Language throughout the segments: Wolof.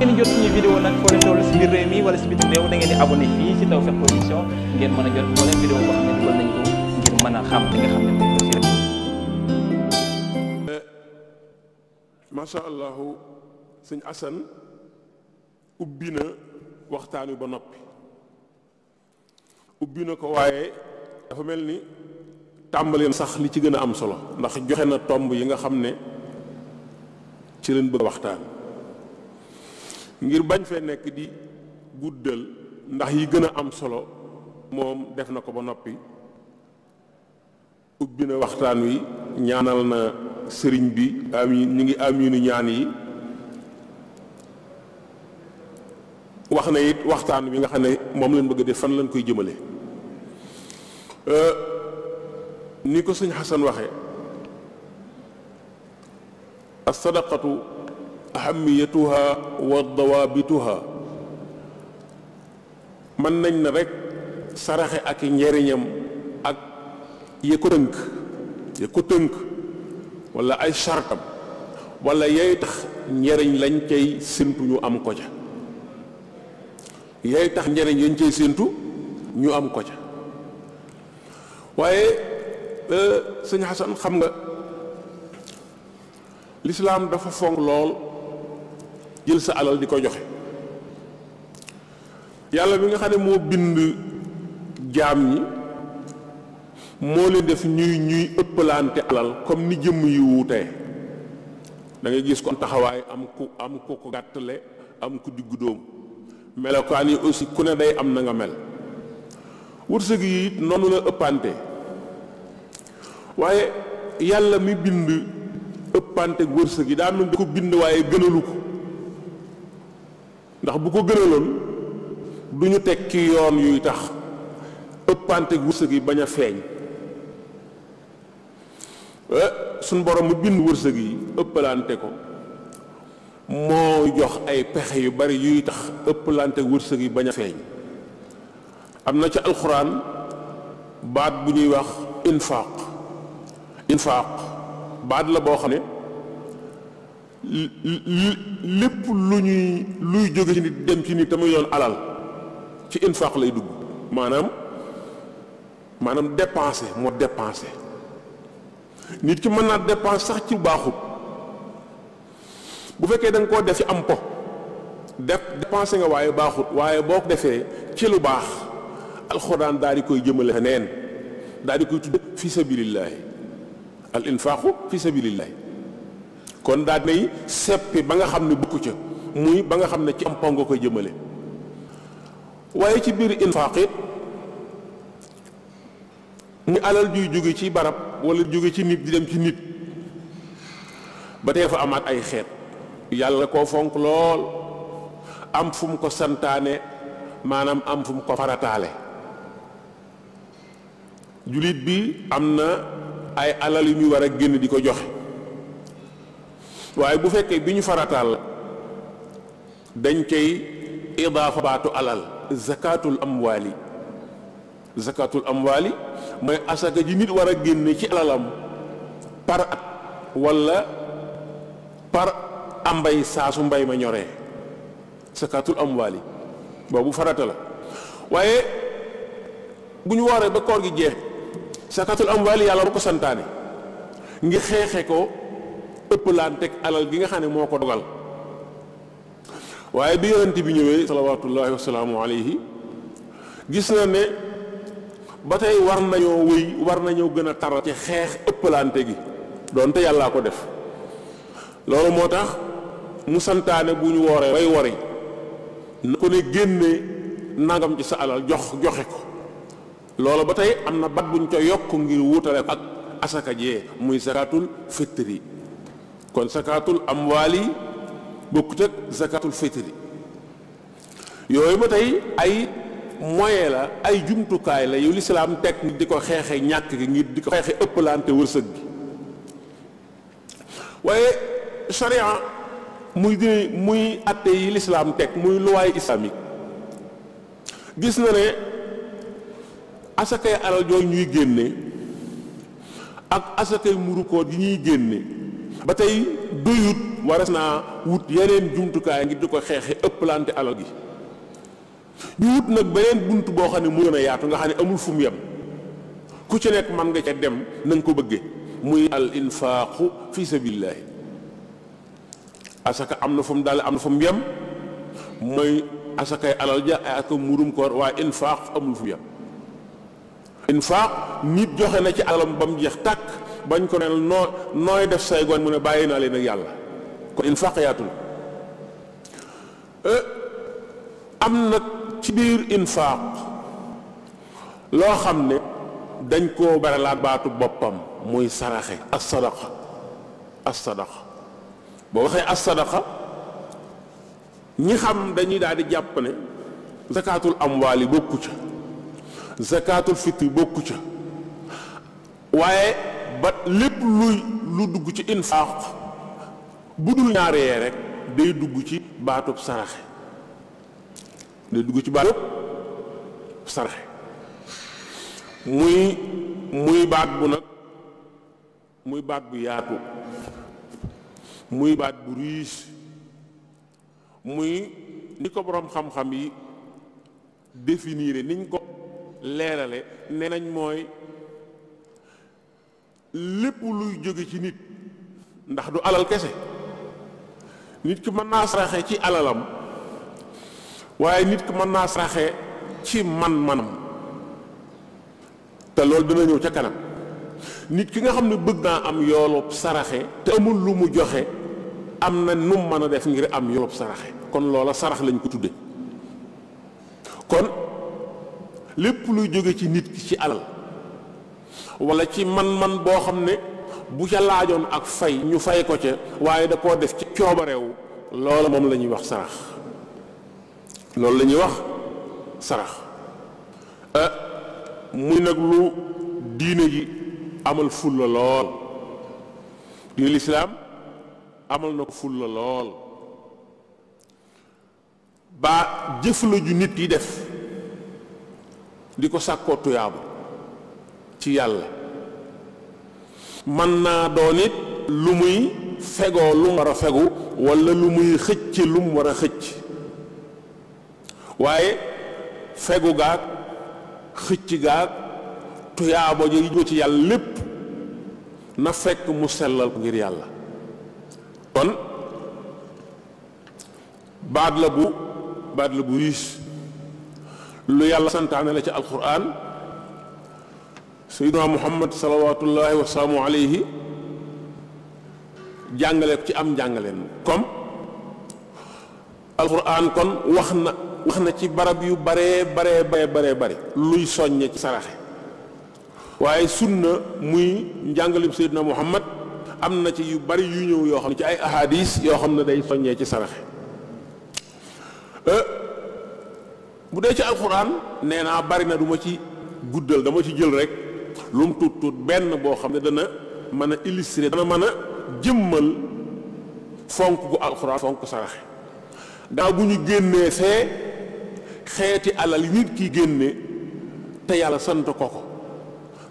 ngeen jot suñu vidéo da ngeen di abonné a jot moo leen a xam li nga xam ne ubbi na waxtaan wi ba noppi ubbi na ko waaye dafa mel ni tàmbaleen sax li ci gën a am solo ndax joxe na tomb yi nga xam ne ci leen bëgg waxtaan. ngir bañ fee nekk di guddal ndax yi gën a am solo moom def na ko ba noppi ubbi na waxtaan wi ñaanal na sëriñ bi amin ñu ngi aminu ñaan yi wax na it waxtaan wi nga xam ne moom lañ bëgg de fan lañ koy jëmale euh, ni ko sëñ Xasan waxe as-sadaqatu ahamiyatuha wa dawaabituha mën nañ na rek saraxe ak njariñam ak ya ko tënk ya ko tënk wala ay sartam wala yay tax njariñ lañ cay sintu ñu am ko ca yay tax njariñ lañ cay séntu ñu am ko ca waaye euh, sëñ Xasan xam nga lislaam dafa fonk lool jël sa alal di ko joxe yàlla bi nga xam ne moo bind jaam ñi moo leen def ñuy ñuy ëppalante alal comme ni jëmm yi wuutee dangay gis ko am taxawaay am ku am ku ko gàttale am ku diggu doom melokaan yi aussi ku ne day am na nga mel wërsëg yi it noonu la ëppante waaye yàlla mi bind ëppante wërsëg yi daa mel ko bind waaye gënalu ko ndax bu ko gënaloon du ñu teg ci yoon yuy tax ëppante wërsëg yi bañ a feeñ eh, suñ borom mu bind wërsëg yi ëppalante ko moo jox ay pexe yu bari yuy tax ëppalante wërsëg yi bañ a feeñ am na ci alxuraan baat bu ñuy wax infaaq infaaq baat la boo xam ne lépp lu ñuy luy jóge ci nit dem ci nit tamit yoon alal ci infaq lay dugg maanaam maanaam dépensé moo dépensé nit ki mën naa dépense sax ci baaxut bu fekkee da koo def ci am po dep dépensé nga waaye baaxut waaye boo ko defee ci lu baax alxuraan daal di koy jëmale feneen daa di koy tudd fi sabilillahi al infaqu fi sabilillahi kon daal nay seppi ba nga xam ne bukk ca muy ba nga xam ne ci am pongo koy jëmale waaye ci biir infaaq it muy alal juy jóge ci barab wala jóge ci nit di dem ci nit ba tey fa amaat ay xeet yàlla koo fonk lool am fum ko santaane maanaam am fum mu ko farataale jullit bi am na ay alal yu muy war a génn di ko joxe waaye bu fekkee bi ñu farataal dañ cay idaafa baatu alal zakatul amwaali zakatul amwaali mooy asaka ji nit war a génne ci alalam par at wala par ambay saa su mbay ma ñoree zakatul amwaali boobu farata la waaye bu ñu wooree ba koor gi jeex zakatul amwaali yàlla bu ko santaane ngir xeexe ko ëpplanteeg alal gi nga xam ne moo ko dogal waaye bi yonent bi ñëwee salawaatullahi wasalaamu alayhi gis na ne ba tey war nañoo wéy war nañoo gën a taral ci xeex ëppalante gi doonte yàllaa ko def loolu moo tax musantaane santaane bu ñu wooree bay wori na ko ne génne nangam ci sa alal jox joxe ko loolu ba tey am na bat buñ ca yokk ngir wutale ko ak asaka jee muy zakatul fitri kon zakaatul amwaali bokkut ak zakaatul fitri yooyu ma tey ay moyen la ay jumtukaay la yu lislaam teg nit di ko xeexe ñàkk gi ngir di ko xeexe ëppalante wërsëg gi waaye sharia muy dine muy atte yi lislaam teg muy luwaay islamique gis na ne asakay alal jooju ñuy génne ak asakay murukoor yi ñuy génne ba tey doyut waras naa wut yeneen jumtukaay ngi di ko xeexe ëpp lante alal gi ñu wut nag beneen bunt boo xam ne mu gën yaatu nga xam ne amul fu mu yem ku ci nekk man nga ca dem na ko bëgge muy al infaaqu fi sabilillahi asaka am na fu mu daal am na fu mu yem mooy asakay alal ja ak murum koor waaye infaaq amul fu mu yem infaaq nit joxe na ci alalam ba mu jeex tàkk bañ ko ne noo nooy def say gone mu ne bàyyi naa leen ak yàlla kon infaq yaatul euh, am nag ci biir infaq loo xam ne dañ koo baralaat baatu boppam muy saraxe as sadaqa as sadaqa boo waxee as ñi xam dañuy daal di jàpp ne zakaatul amwaal yi bokku ca zakaatul fitri bokku ca waaye ba lépp lu dugg ci infaq bu dul ñaari yee rek day dugg ci baatub saraxe day dugg ci baatub saraxe muy muy baat bu nag muy baat bu yaatu muy baat bu riis muy ni ko boroom xam-xam yi définir niñ ko leerale nee nañ mooy lépp luy jóge ci nit ndax du alal kese nit ki mën naa saraxe ci alalam waaye nit ki mën naa saraxe ci man-manam te loolu dina ñëw ca kanam nit ki nga xam ne bëgg naa am yoolub saraxe te amul lu mu joxe am na nu mën a def ngir am yoolub saraxe kon loola sarax lañ ko tudde kon lépp luy jóge ci nit ki ci alal wala ci man-man boo xam ne bu ca laajoon ak fay ñu fay ko ca waaye da koo def ci coobareewu loola moom la ñuy wax sarax loolu lañuy wax sarax eh, muy nag lu diine gi amal fulla lool diine lislaam amal na ko fulla lool ba jëf ju nit yi def di ko sàkkoo tuyaaba ci yàlla mën naa doon it lu muy fegoo lu mu war a fegu wala lu muy xëcc lu war a xëcc waaye fegu gaag xëcc gaag tuyaabo ji jóge ci yàlla lépp na fekk mu sellal ko ngir yàlla kon baat la bu baat la bu riis lu yàlla santaane la ci alquran sayyidina muhammad salawaatullaahi wa salaamu alayhi jàngale ko ci am njàngaleen comme alquran kon wax na wax na ci barab yu baree baree baree baree bare luy soññe ci saraxe waaye sunna muy njàngalim sayyidina muhammad am na ci yu bari yu ñëw yoo xam ne ci ay ahadis yoo xam ne day soññee ci saraxe euh, bu dee ci alquran nee naa bari na du ci guddal dama ci jël rek lu mu tuut tuut benn boo xam ne dana mën a illustrer dana mën a jëmmal fonk gu alxuraan fonk saraxe gannaaw bu ñu génnee fee xeeti alal yi nit ki génne te yàlla sant ko ko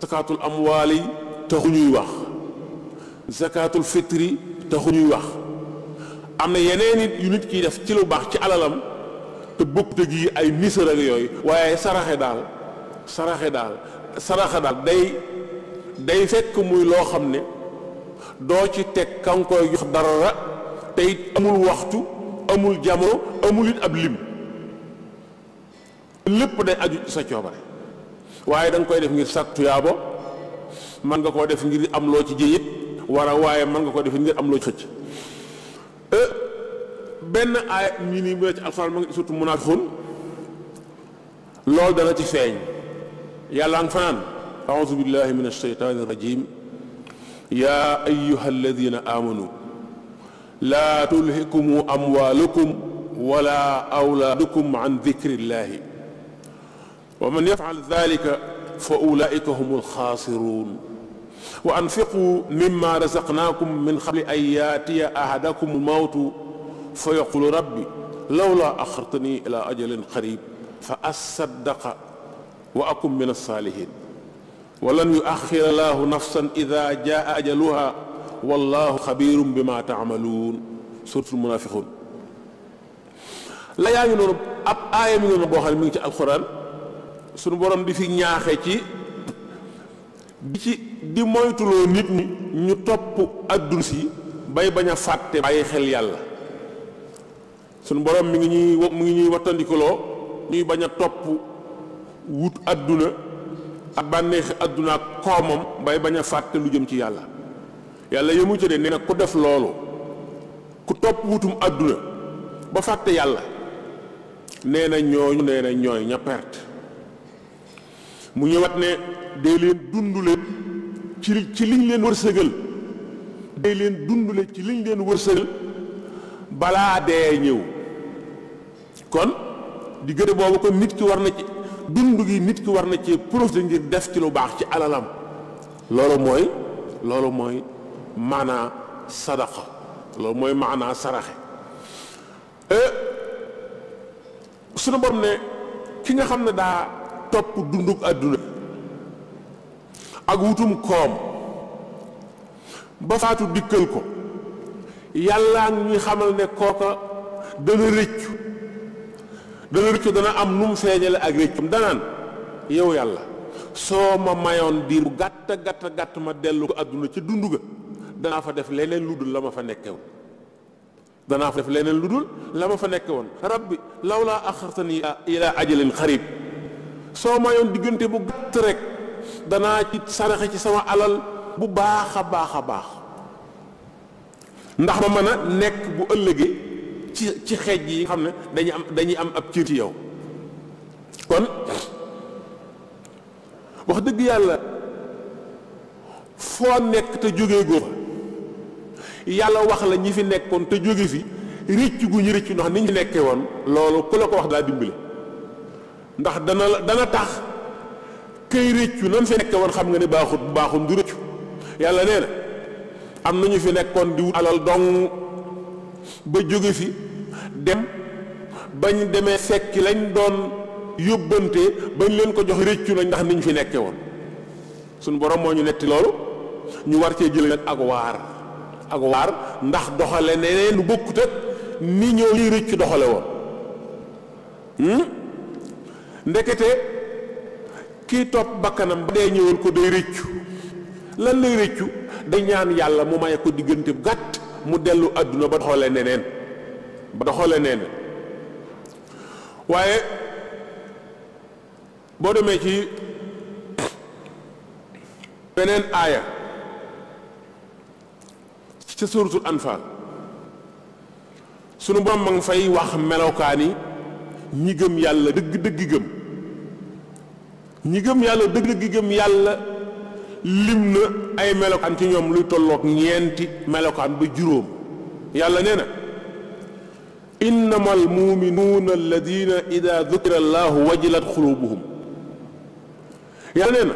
zakaatul amwaal yi taxu ñuy wax zakaatul fitri taxu ñuy wax am na yeneen it yu nit kiy def ci lu baax ci alalam te bokkute gi ay nisar ak yooyu waaye saraxe daal saraxe daal saraxa daal day day fekk muy loo xam ne doo ci teg kan koy jox dara te amul waxtu amul jamono amul it ab lim lépp day aju sa coobare waaye da koy def ngir sàkk tuyaabo man nga koo def ngir am loo ci jëyit wara waaye man nga koo def ngir am loo ci xëcc euh, benn aaya mii nii mu ne ci alxuraan ma ngi surtout munaafiqun loolu dana ci feeñ yàlla nga fanaan aoudu billahi min alsheytaani irrajim yaa ayuha alladina amanu laa tulhikumu amwalukum wala awlaadukum an dikrillahi wa man yafal dalika fa ulaika hum alxaasiruun wa anfiquu mimma razaqnaakum min xabli an yaatiya ahadakum almawtu fa yaqulu rabbi lawlaa axartani ila ajalin qarib fa asaddaqa wa akum min alsaalihin walan yuaxira laahu nafsan ida jaa ajaluha wallahu xabirum bi ma taamaluun suratul munafiqun la yaa ngi noonu ab aaya mi ngi noonu boo xam ne mi ngi ci alquran sunu borom di fi ñaaxe ci di ci di moytuloo nit ñi ñu topp addun si bay baña a fàtte bàyyi xel yàlla sunu borom mi ngi ñuy mi wattandikuloo ñuy bañ a topp wut àdduna ak bànneexi adduna ak koomam bay bañ a fàtte lu jëm ci yàlla yàlla yemu ci de nee na ku def loolu ku topp wutum àdduna ba fàtte yàlla nee na ñooñu nee na ñooy ña perte mu ñëwaat ne day leen dund leen ci ci liñ leen wërsëgal day leen dund ci liñ leen wërsëgal balaa dee ñëw kon diggante boobu ko nit ki war na ci dund gi nit ki war na ci profité ngir def ci lu baax ci alalam loolu mooy loolu mooy maanaa sadaqa loolu mooy manaa saraxe e, suñu borom ne ki nga xam ne daa topp dundug àdduna ak wutum koom ba faatu dikkal ko yàlla ñuy xamal ne kooka dana rëccu dana rëccu dana am nu mu feeñale ak réccum danaan yow yàlla soo ma mayoon diir bu gàtta gàtta gàtt ma dellu ko àdduna ci dund ga danaa fa def leneen lu dul la ma fa nekke danaa fa def leneen lu dul la ma fa nekke woon rabbi law laa axartani ilaa ajalin xarib soo mayoon diggante bu gàtt rek danaa ci saraxe ci sama alal bu baax a baax a baax ndax ma mën a nekk bu ëllëgee ci ci xeej yi xam ne dañu am dañuy am ab cër ci yow kon wax dëgg yàlla foo nekk te jógee góor yàlla wax la ñi fi nekkoon te jóge fi rëcc gu ñu rëcc ndax ni ñu nekkee woon loolu ku la ko wax daa dimbali ndax dana dana tax kay rëccu nan fi nekkee woon xam nga ne baaxut baaxum du rëccu yàlla nee na am na ñu fi nekkoon di wut alal dong ba jóge fi dem bañ demee sekki lañ doon yóbbante bañ leen ko jox réccu nañ ndax niñ fi nekke woon suñ borom moo ñu netti loolu ñu war cee jël nag ak waar ak waar ndax doxale neneen lu bokkut ak ni ñoo ñuy réccu doxale woon hmm? ndekete kii topp bakkanam ba dee ñëwal ko day réccu lan lay réccu dañ ñaan yàlla mu maye ko diggante gàtt mu dellu àdduna ba xoolee neneen ba xoolee neneen waaye boo demee ci beneen aaya ci suuratul anfaal sunu borom ma ngi fay wax melokaani ñi gëm yàlla dëgg dëgg gëm ñi yàlla dëgg dëgg gëm yàlla lim na ay melokaan ci ñoom luy tolloog ñeenti melokaan ba juróom yàlla nee na innama almuminuuna alladina ida dukira allahu wajilat xulubuhum yàlla nee na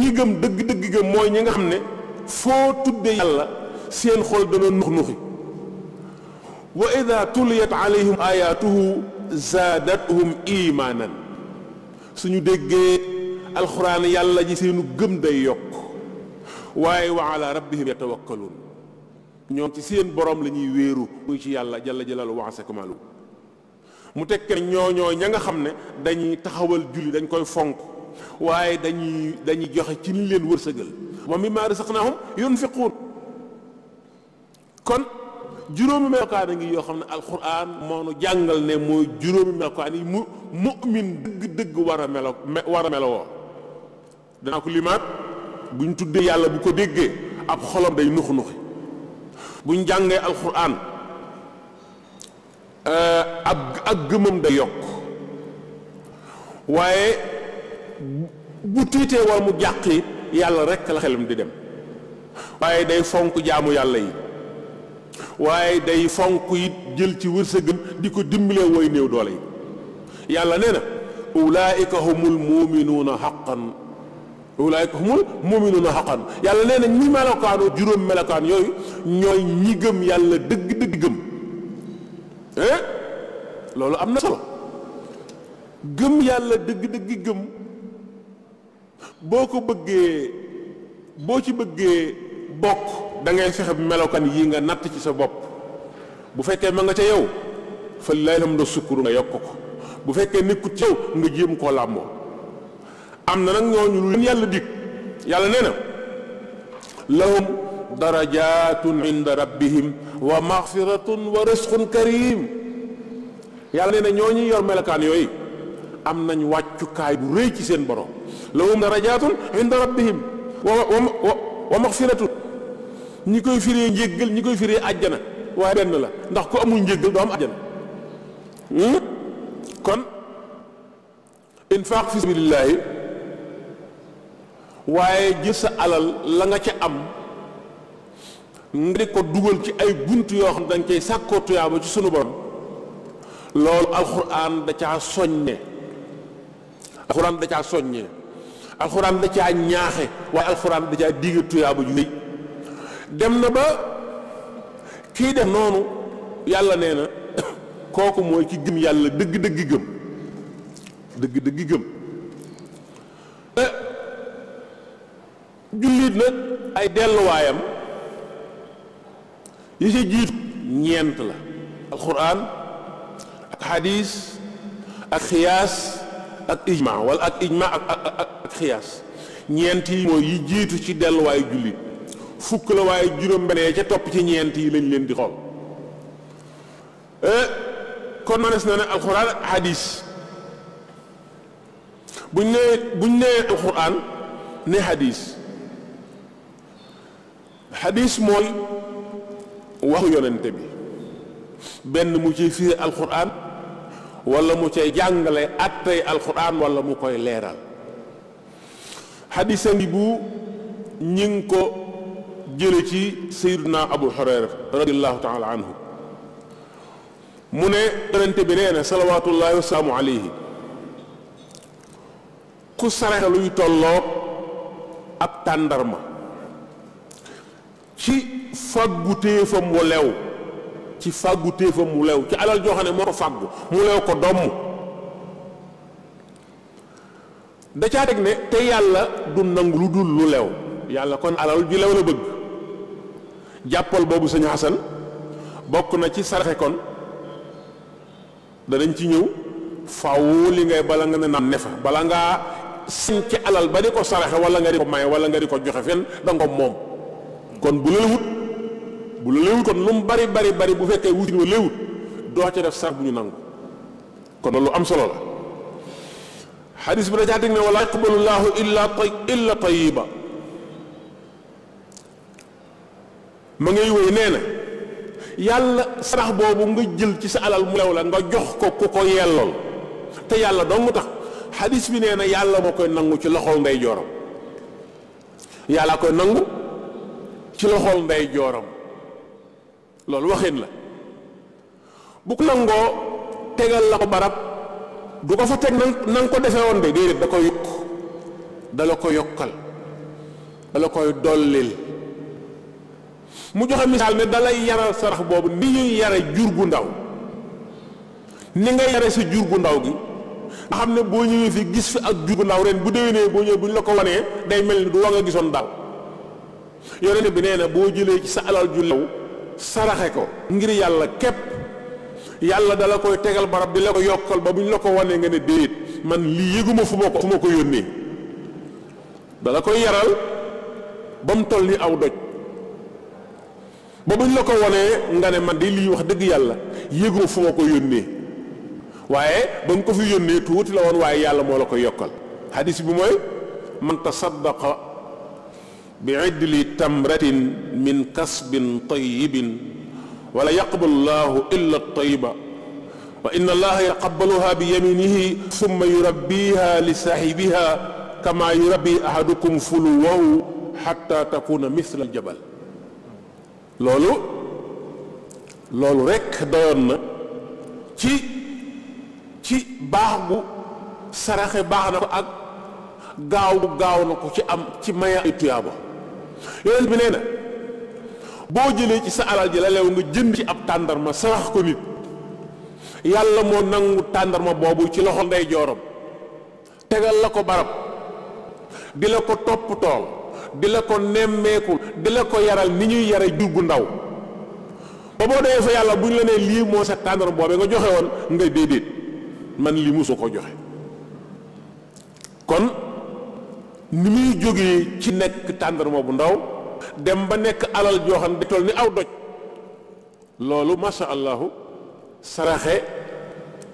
ñi gëm dëgg-dëgg gëm mooy ñi nga xam ne foo tudde yàlla seen xol dana nux nuxi wa ida tuliyat alayhim ayatuhu zaadathum imaanan suñu déggee alxuraan yàlla ji seenu gëm day yokk waaye wa ala rabbihim yatawakkaluun ñoom ci seen borom lañuy wéeru muy ci yàlla jalla jalalu waase kumalu mu tekkee ñooñoo ña nga xam ne dañuy taxawal julli dañ koy fonk waaye dañuy dañuy joxe ci ni leen wërsëgal wa mimmaa razaqnaahum yunfiquun kon juróomi melokaan a ngi yoo xam ne alxuraan moo jàngal ne mooy juróomi melokaan yi mu mu'min dëgg dëgg war a melo war a danaa ko limaat bu ñu tuddee yàlla bu ko déggee ab xolam day nuxu nuxi bu ñu jàngee alxuraan euh, ab ak gëmam day yokk waaye bu tiitee wala mu jàqi yàlla rekk la xelam di dem waaye day fonk jaamu yàlla yi waaye day fonk it jël ci wërsëgam di ko dimbalee woy néew doole yi yàlla nee na ulaika humul muminuuna xaqan moom ulaayka humul muminuuna xaqan yàlla nee na ñi melokaanu juróom melokaan yooyu ñooy ñi gëm yàlla dëgg dëgg gëm eh loolu am na solo gëm yàlla dëgg dëgg gëm boo ko bëggee boo ci bëggee bokk dangay fexe fexe melokaan yi nga natt ci sa bopp bu fekkee ma nga ca yow fa lay la do sukkuru nga yokk ko bu fekkee nekkut ci yow nga jéem koo làmboo am na nag ñooñu lu yàlla dig yàlla nee na lahum darajatun inda rabbihim wa maxfiratun wa risqun karim yàlla nee na ñooñu yor melokaan yooyu am nañ wàccukaay bu rëy ci seen borom la darajatun inda rabbihim wa koy firee njéggal ñi koy firee àjjana waaye benn la ndax ku amul njéggal doo am hmm? kon infaaq fi sabilillahi waaye jël sa alal la nga ca am nga di ko dugal ci ay bunt yoo xam ne danga cay sàkkoo tuyaaba ci sunu borom loolu alxuraan da caa soññe alxuraan da caa soññe alxuraan da caa ñaaxe waaye alxuraan da caa diige tuyaaba ju rëy dem na ba kii def noonu yàlla nee na kooku mooy ci gëm yàlla dëgg-dëgg gëm dëgg-dëgg gëm jullit nag ay delluwaayam yi ci jiitu ñeent la alquran ak xadiis ak xiyaas ak ijma wala ak ijma ak ak xiyaas ñeent yi mooy yi jiitu ci delluwaayu jullit fukk la waaye juróom-benn ca topp ci ñeent yi lañ leen di xool eh, kon manes na ne alquran ak xadiis buñ nee buñ nee alquran ne xadiis xadis mooy waxu yonente bi benn mu ciy firi alquran wala mu cay jàngale attey alquran wala mu koy leeral xadisa bu ñi ko jële ci sayduna abu hurayra radiallahu taala anhu mu ne yonente bi nee na salawatullahi wasalaamu alayhi ku saraxe luy tolloog ab tàndarma ci fàggutéefam mu lew ci fàggutéefam mu lew ci alal joo xam ne moo ko fàggu mu lew ko domm da caa ne te yàlla du nangu lu dul lu lew yàlla kon alal ji lew la bëgg jàppal boobu sëñ Xasan bokk na ci saraxe kon danañ ci ñëw faaw li ngay bala nga ne naan ne fa bala ngaa sañ ci alal ba di ko saraxe wala nga di ko may wala nga di ko joxe fenn da ko moom. kon bu la wut bu la léewut kon lu mu bari bari bu fekkee wutin wa léewut doo ci def sar bu ñu nangu kon lu am solo la xadis bi da caa teg ne wala yaqbalu llaahu illa tay illa ngay wéy nee na yàlla sarax boobu nga jël ci sa alal mu lew la nga jox ko ku ko yellool te yàlla dong tax xadis bi nee na yàlla moo koy nangu ci loxol ndey jooram yàlla koy nangu ci loxol ndey jooram loolu waxin la bu nangoo tegal la ko barab du ko fa teg na nga ko defee woon de déedéet da ko yokk dala ko yokkal dala koy dollil mu joxe misaal ne dalay yaral sarax boobu ni ñuy yare jur gu ndaw ni ngay yare si jur gu ndaw gi nga xam ne boo ñëwee fi gis fi ak jur gu ndaw ren bu déwénee boo ñëwee bu ñu la ko wanee day mel ni du wa nga gisoon daaw yonent bi nee na boo jëlee ci sa alal ju lew saraxe ko ngir yàlla képp yàlla dala koy tegal barab bi la ko yokkal ba bu la ko wanee nga ne déet man lii yëguma fu ma ko fu ma ko yaral ba mu toll ni aw doj ba bu ñu la ko wanee nga ne man di lii wax dëgg yàlla yëguma fu ma ko yónnee waaye ba nga ko fi yónnee tuuti la woon waaye yàlla moo la ko yokkal hadis bi mooy man tasaddaqa bi idli tamratin min kasbin tayyibin wala yaqbalu llahu illa tayiba wa inna allaha yaqabbaluha bi yaminihi summa yurabbiha li saahibiha kama yurabbi ahadukum fuluwahu xatta takuna misla al jabal loolu loolu rekk doyoon na ci ci baax gu saraxe baax na ko ak gaaw gaaw na ko ci am ci maya ay tuyaaba yonent bi nee na boo jëlee ci sa alal ji la lew nga jënd ci ab tàndarma sarax ko nit yàlla moo nangu tàndarma boobu ci loxo ndeyjooram tegal la ko barab di la ko topp tool di la ko nemmeekul di la ko yaral ni ñuy yare jur gu ndaw ba boo demee fa yàlla bu ñu la nee lii moo sa tàndarma boobee nga joxe woon ngay déedéet man lii musu ko joxe kon ni muy jóge ci nekk tàndarma bu ndaw dem ba nekk alal joo xam ne toll ni aw doj loolu masha allahu saraxe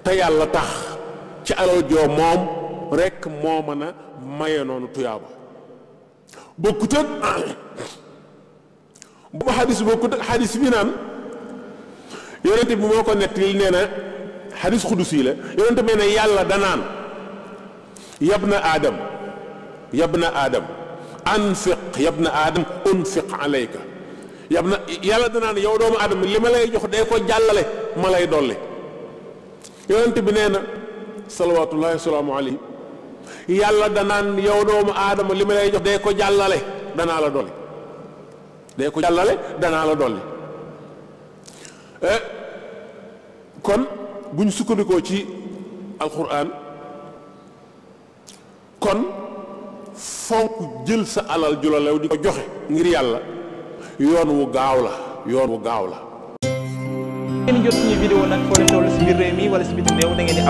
te yàlla tax ci alal joo moom rekk moo mën a maye noonu tuyaaba bokkut ak bu ma xadis bokkut ak xadis bi naan yonent bi moo ko nett li nee xadis xudus yi la yonent bi nee na yàlla danaan yab na aadam yabna aadam anfiq yabna aadam unfiq alayka yab na yàlla danaan yow doomu aadama li ma lay jox day ko jàllale ma lay dolli yonent bi nee na salawaatullaahi salaamu yàlla danaan yow doomu aadama li ma lay jox day ko jàllale danaa la dolli day ko jàllale danaa la dolli eh, kon bu ñu sukkandikoo ci alquran kon fonk jël sa alal ju la lew di ko joxe ngir yàlla yoon wu gaaw la yoon wu gaaw la ngeen jot suñu vidéo nag foo leen toll si biir réew mi wala si bitim réew da ngeen